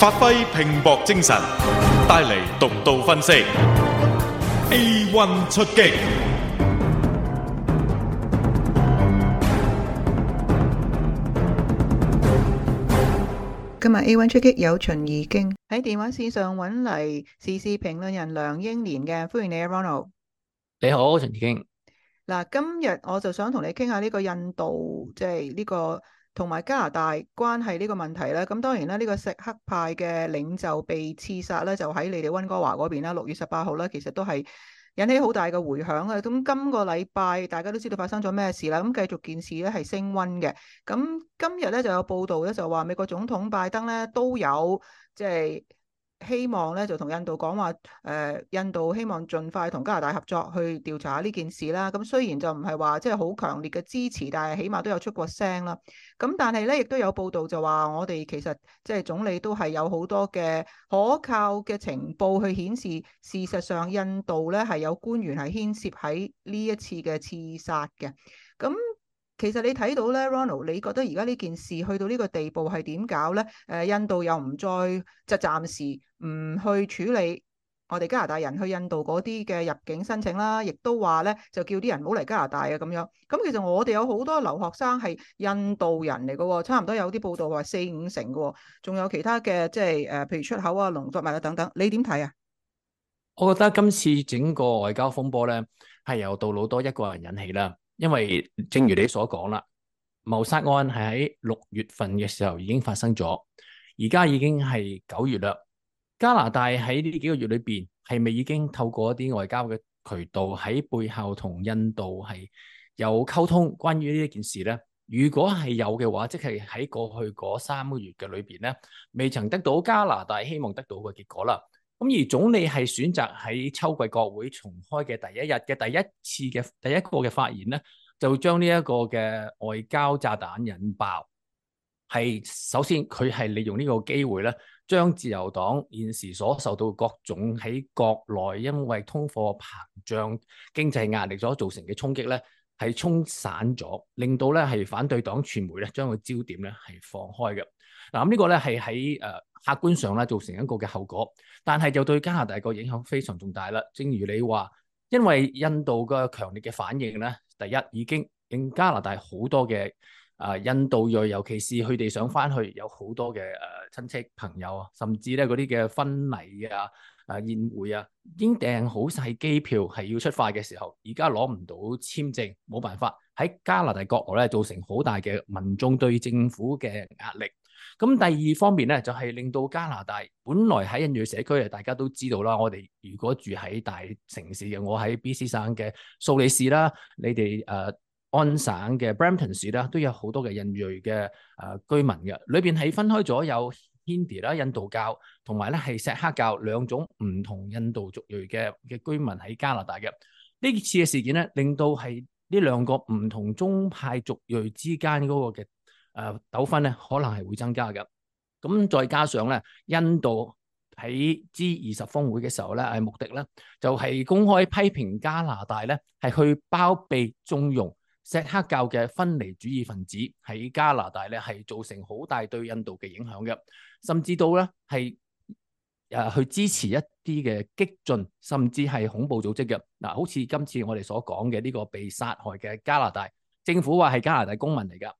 發揮拼搏精神，帶嚟獨到分析。A one 出擊，今日 A one 出擊有秦怡經喺電話線上揾嚟時事評論人梁英年嘅，歡迎你，Ronald。你好，秦怡經。嗱，今日我就想同你傾下呢個印度，即係呢個。同埋加拿大關係呢個問題咧，咁當然啦，呢個錫克派嘅領袖被刺殺咧，就喺你哋温哥華嗰邊啦。六月十八號咧，其實都係引起好大嘅迴響嘅。咁今個禮拜大家都知道發生咗咩事啦。咁繼續件事咧係升温嘅。咁今日咧就有報導咧，就話美國總統拜登咧都有即係。希望咧就同印度講話，誒、呃、印度希望盡快同加拿大合作去調查下呢件事啦。咁雖然就唔係話即係好強烈嘅支持，但係起碼都有出過聲啦。咁但係咧，亦都有報道就話我哋其實即係、就是、總理都係有好多嘅可靠嘅情報去顯示，事實上印度咧係有官員係牽涉喺呢一次嘅刺殺嘅。咁其實你睇到咧，Ronald，你覺得而家呢件事去到呢個地步係點搞咧？誒、呃，印度又唔再就暫時唔去處理我哋加拿大人去印度嗰啲嘅入境申請啦，亦都話咧就叫啲人唔好嚟加拿大啊咁樣。咁、嗯、其實我哋有好多留學生係印度人嚟噶、哦，差唔多有啲報道話四五成噶、哦，仲有其他嘅即係誒，譬、呃、如出口啊、農作物，物啊等等，你點睇啊？我覺得今次整個外交風波咧係由杜魯多一個人引起啦。因為正如你所講啦，謀殺案係喺六月份嘅時候已經發生咗，而家已經係九月啦。加拿大喺呢幾個月裏邊，係咪已經透過一啲外交嘅渠道喺背後同印度係有溝通關於呢一件事咧？如果係有嘅話，即係喺過去嗰三個月嘅裏邊咧，未曾得到加拿大希望得到嘅結果啦。咁而總理係選擇喺秋季國會重開嘅第一日嘅第一次嘅第一個嘅發言咧，就將呢一個嘅外交炸彈引爆。係首先佢係利用呢個機會咧，將自由黨現時所受到各種喺國內因為通貨膨脹經濟壓力所造成嘅衝擊咧，係沖散咗，令到咧係反對黨傳媒咧將個焦點咧係放開嘅。嗱咁呢個咧係喺誒。客觀上咧造成一個嘅後果，但係就對加拿大個影響非常重大啦。正如你話，因為印度嘅強烈嘅反應咧，第一已經令加拿大好多嘅啊印度裔，尤其是佢哋想翻去有好多嘅誒、啊、親戚朋友啊，甚至咧嗰啲嘅婚禮啊、誒、啊、宴會啊，已經訂好晒機票係要出發嘅時候，而家攞唔到簽證，冇辦法喺加拿大國內咧造成好大嘅民眾對政府嘅壓力。咁第二方面咧，就係、是、令到加拿大本來喺印裔社區啊，大家都知道啦。我哋如果住喺大城市嘅，我喺 B.C 省嘅素里市啦，你哋誒安省嘅 Brampton 市啦，都有好多嘅印裔嘅誒居民嘅。裏邊係分開咗有 Hindi 啦、印度教，同埋咧係錫克教兩種唔同印度族裔嘅嘅居民喺加拿大嘅。呢次嘅事件咧，令到係呢兩個唔同宗派族裔之間嗰、那個嘅。誒糾紛咧，可能係會增加嘅。咁再加上咧，印度喺 G 二十峰會嘅時候咧，係目的咧，就係、是、公開批評加拿大咧，係去包庇縱容錫克教嘅分離主義分子喺加拿大咧，係造成好大對印度嘅影響嘅。甚至到咧係誒去支持一啲嘅激進，甚至係恐怖組織嘅嗱、啊，好似今次我哋所講嘅呢個被殺害嘅加拿大政府話係加拿大公民嚟噶。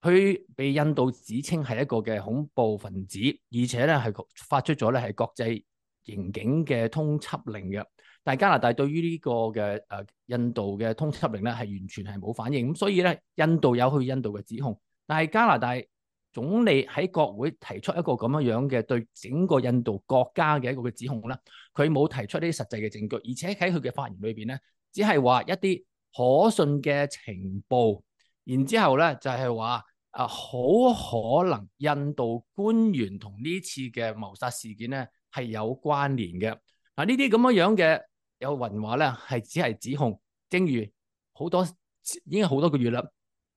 佢被印度指稱係一個嘅恐怖分子，而且咧係發出咗咧係國際刑警嘅通緝令嘅。但係加拿大對於呢個嘅誒、啊、印度嘅通緝令咧係完全係冇反應。咁所以咧，印度有去印度嘅指控，但係加拿大總理喺國會提出一個咁樣樣嘅對整個印度國家嘅一個嘅指控啦。佢冇提出呢啲實際嘅證據，而且喺佢嘅發言裏邊咧，只係話一啲可信嘅情報，然之後咧就係話。啊，好可能印度官員同呢次嘅謀殺事件咧係有關聯嘅。嗱、啊，這些這文化呢啲咁樣樣嘅有云話咧，係只係指控。正如好多已經好多個月啦，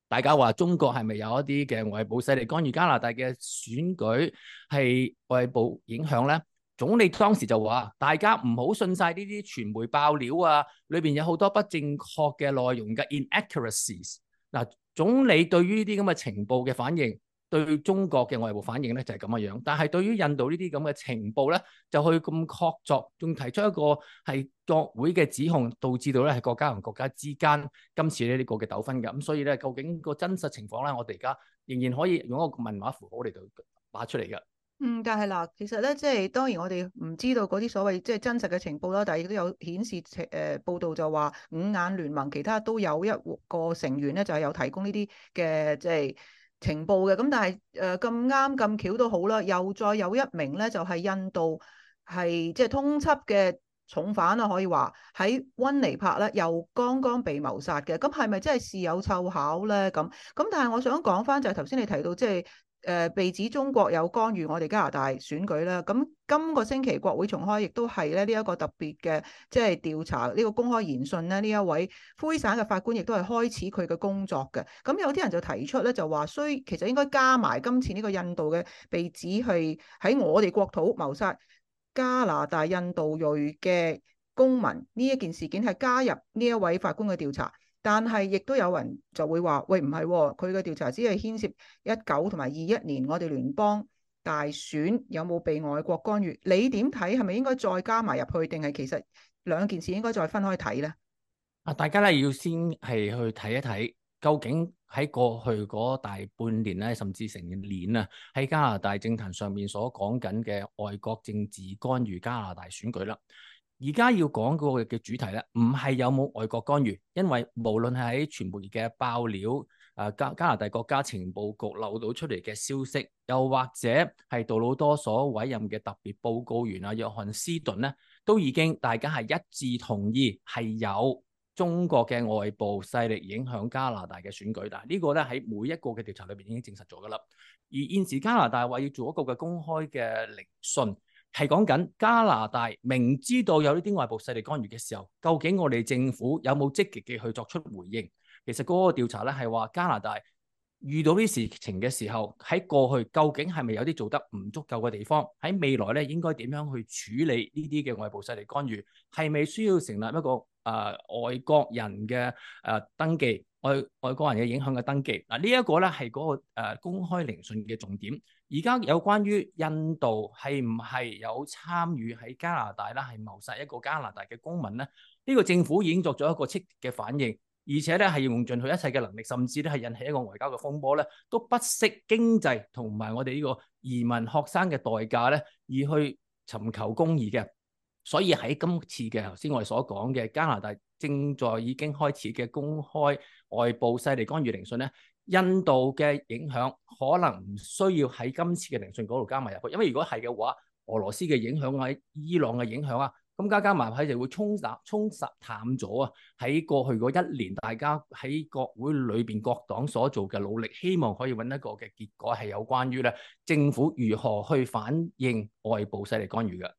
大家話中國係咪有一啲嘅外部勢力干預加拿大嘅選舉係外部影響咧？總理當時就話，大家唔好信晒呢啲傳媒爆料啊，裏邊有好多不正確嘅內容嘅 inaccuracies。嗱、啊。總理對於呢啲咁嘅情報嘅反應，對中國嘅外部反應咧就係咁嘅樣，但係對於印度呢啲咁嘅情報咧，就去咁確鑿，仲提出一個係國會嘅指控，導致到咧係國家同國家之間今次呢啲個嘅糾紛嘅，咁所以咧究竟個真實情況咧，我哋而家仍然可以用一個問號符號嚟到畫出嚟嘅。嗯，但係嗱，其實咧，即係當然我哋唔知道嗰啲所謂即係真實嘅情報啦，但係亦都有顯示誒、呃、報道就話五眼聯盟其他都有一個成員咧，就係、是、有提供呢啲嘅即係情報嘅。咁但係誒咁啱咁巧都好啦，又再有一名咧就係、是、印度係即係通緝嘅重犯啦、啊，可以話喺温尼帕咧又剛剛被謀殺嘅。咁係咪真係事有湊巧咧？咁，咁但係我想講翻就係頭先你提到即係。誒被指中國有干預我哋加拿大選舉啦，咁今個星期國會重開，亦都係咧呢一個特別嘅，即係調查呢個公開聆訊咧呢一位魁省嘅法官，亦都係開始佢嘅工作嘅。咁有啲人就提出咧，就話需其實應該加埋今次呢個印度嘅被指係喺我哋國土謀殺加拿大印度裔嘅公民呢一件事件，係加入呢一位法官嘅調查。但係，亦都有人就會話，喂，唔係喎，佢嘅調查只係牽涉一九同埋二一年我哋聯邦大選有冇被外國干預？你點睇？係咪應該再加埋入去？定係其實兩件事應該再分開睇呢？啊，大家咧要先係去睇一睇，究竟喺過去嗰大半年咧，甚至成年啊，喺加拿大政壇上面所講緊嘅外國政治干預加拿大選舉啦。而家要講嗰個嘅主題咧，唔係有冇外國干預，因為無論係喺傳媒嘅爆料，誒加加拿大國家情報局漏到出嚟嘅消息，又或者係杜魯多所委任嘅特別報告員啊約翰斯頓咧，都已經大家係一致同意係有中國嘅外部勢力影響加拿大嘅選舉。但係呢個咧喺每一個嘅調查裏邊已經證實咗㗎啦。而現時加拿大話要做一個嘅公開嘅聆訊。係講緊加拿大明知道有呢啲外部勢力干預嘅時候，究竟我哋政府有冇積極嘅去作出回應？其實嗰個調查咧係話加拿大遇到呢啲事情嘅時候，喺過去究竟係咪有啲做得唔足夠嘅地方？喺未來咧應該點樣去處理呢啲嘅外部勢力干預？係咪需要成立一個誒、呃、外國人嘅誒、呃、登記？外外國人嘅影響嘅登記嗱，呢一個咧係嗰個誒公開聆訊嘅重點。而家有關於印度係唔係有參與喺加拿大啦，係謀殺一個加拿大嘅公民咧？呢個政府已經作咗一個激烈嘅反應，而且咧係用盡佢一切嘅能力，甚至咧係引起一個外交嘅風波咧，都不惜經濟同埋我哋呢個移民學生嘅代價咧，而去尋求公義嘅。所以喺今次嘅頭先我哋所講嘅加拿大。正在已經開始嘅公開外部勢力干預聆訊咧，印度嘅影響可能唔需要喺今次嘅聆訊嗰度加埋入去，因為如果係嘅話，俄羅斯嘅影響啊，伊朗嘅影響啊，咁加加埋喺就會沖淡、沖淡淡咗啊！喺過去嗰一年，大家喺國會裏邊各黨所做嘅努力，希望可以搵一個嘅結果係有關於咧政府如何去反應外部勢力干預嘅。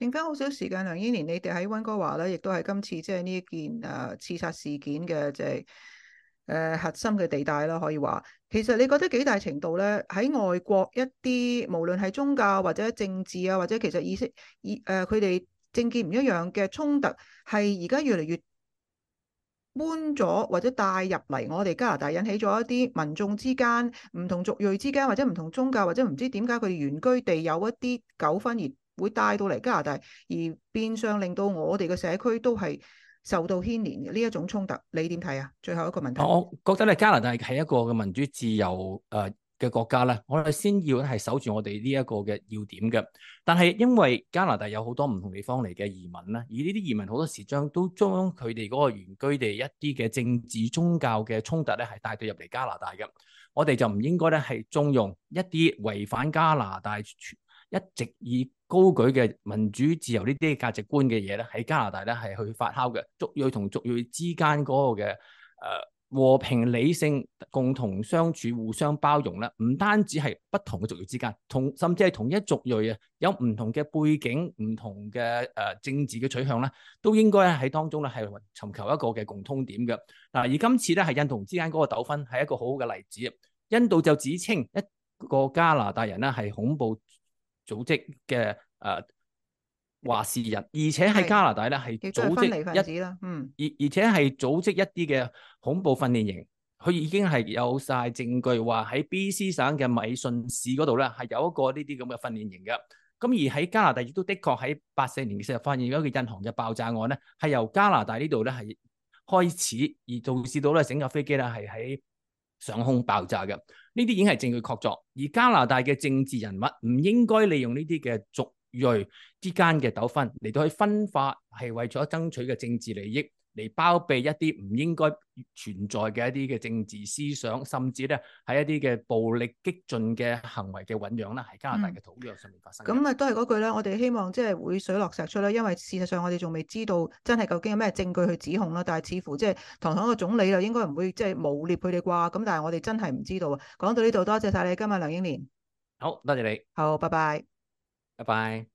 剩翻好少時間，梁綺蓮，你哋喺溫哥華咧，亦都係今次即係呢一件誒刺殺事件嘅即係誒核心嘅地帶啦。可以話，其實你覺得幾大程度咧，喺外國一啲，無論係宗教或者政治啊，或者其實意識意誒，佢哋、呃、政見唔一樣嘅衝突，係而家越嚟越搬咗或者帶入嚟我哋加拿大，引起咗一啲民眾之間唔同族裔之間，或者唔同宗教，或者唔知點解佢哋原居地有一啲糾紛而，會帶到嚟加拿大，而變相令到我哋嘅社區都係受到牽連嘅呢一種衝突，你點睇啊？最後一個問題，我覺得咧加拿大係一個嘅民主自由誒嘅國家啦，我哋先要咧係守住我哋呢一個嘅要點嘅。但係因為加拿大有好多唔同地方嚟嘅移民咧，而呢啲移民好多時將都將佢哋嗰個原居地一啲嘅政治宗教嘅衝突咧，係帶到入嚟加拿大嘅。我哋就唔應該咧係縱容一啲違反加拿大一直以高舉嘅民主自由呢啲價值觀嘅嘢咧，喺加拿大咧係去發酵嘅，族裔同族裔之間嗰個嘅誒、呃、和平理性共同相處、互相包容啦，唔單止係不同嘅族裔之間，同甚至係同一族裔啊，有唔同嘅背景、唔同嘅誒、呃、政治嘅取向咧，都應該喺當中咧係尋求一個嘅共通點嘅。嗱，而今次咧係印度之間嗰個糾紛係一個好好嘅例子，印度就指稱一個加拿大人咧係恐怖組織嘅誒、呃、話事人，而且喺加拿大咧係是組織一啲啦，嗯，而而且係組織一啲嘅恐怖訓練營。佢已經係有晒證據話喺 BC 省嘅米遜市嗰度咧係有一個呢啲咁嘅訓練營嘅。咁而喺加拿大亦都的確喺八四年嘅時候發現咗一個印航嘅爆炸案咧，係由加拿大呢度咧係開始而導致到咧整架飛機咧係喺上空爆炸嘅。呢啲已經係證據確鑿，而加拿大嘅政治人物唔應該利用呢啲嘅族裔之間嘅糾紛嚟到去分化，係為咗爭取嘅政治利益。嚟包庇一啲唔應該存在嘅一啲嘅政治思想，甚至咧喺一啲嘅暴力激進嘅行為嘅醞釀啦，喺加拿大嘅土壤上面發生。咁啊、嗯，都係嗰句咧，我哋希望即係會水落石出啦。因為事實上我哋仲未知道真係究竟有咩證據去指控啦。但係似乎即、就、係、是、堂堂個總理又應該唔會即係污蔑佢哋啩。咁、就是、但係我哋真係唔知道啊。講到呢度，多謝晒你今日梁英蓮。好，多謝你。好，謝謝你好，拜拜。拜拜。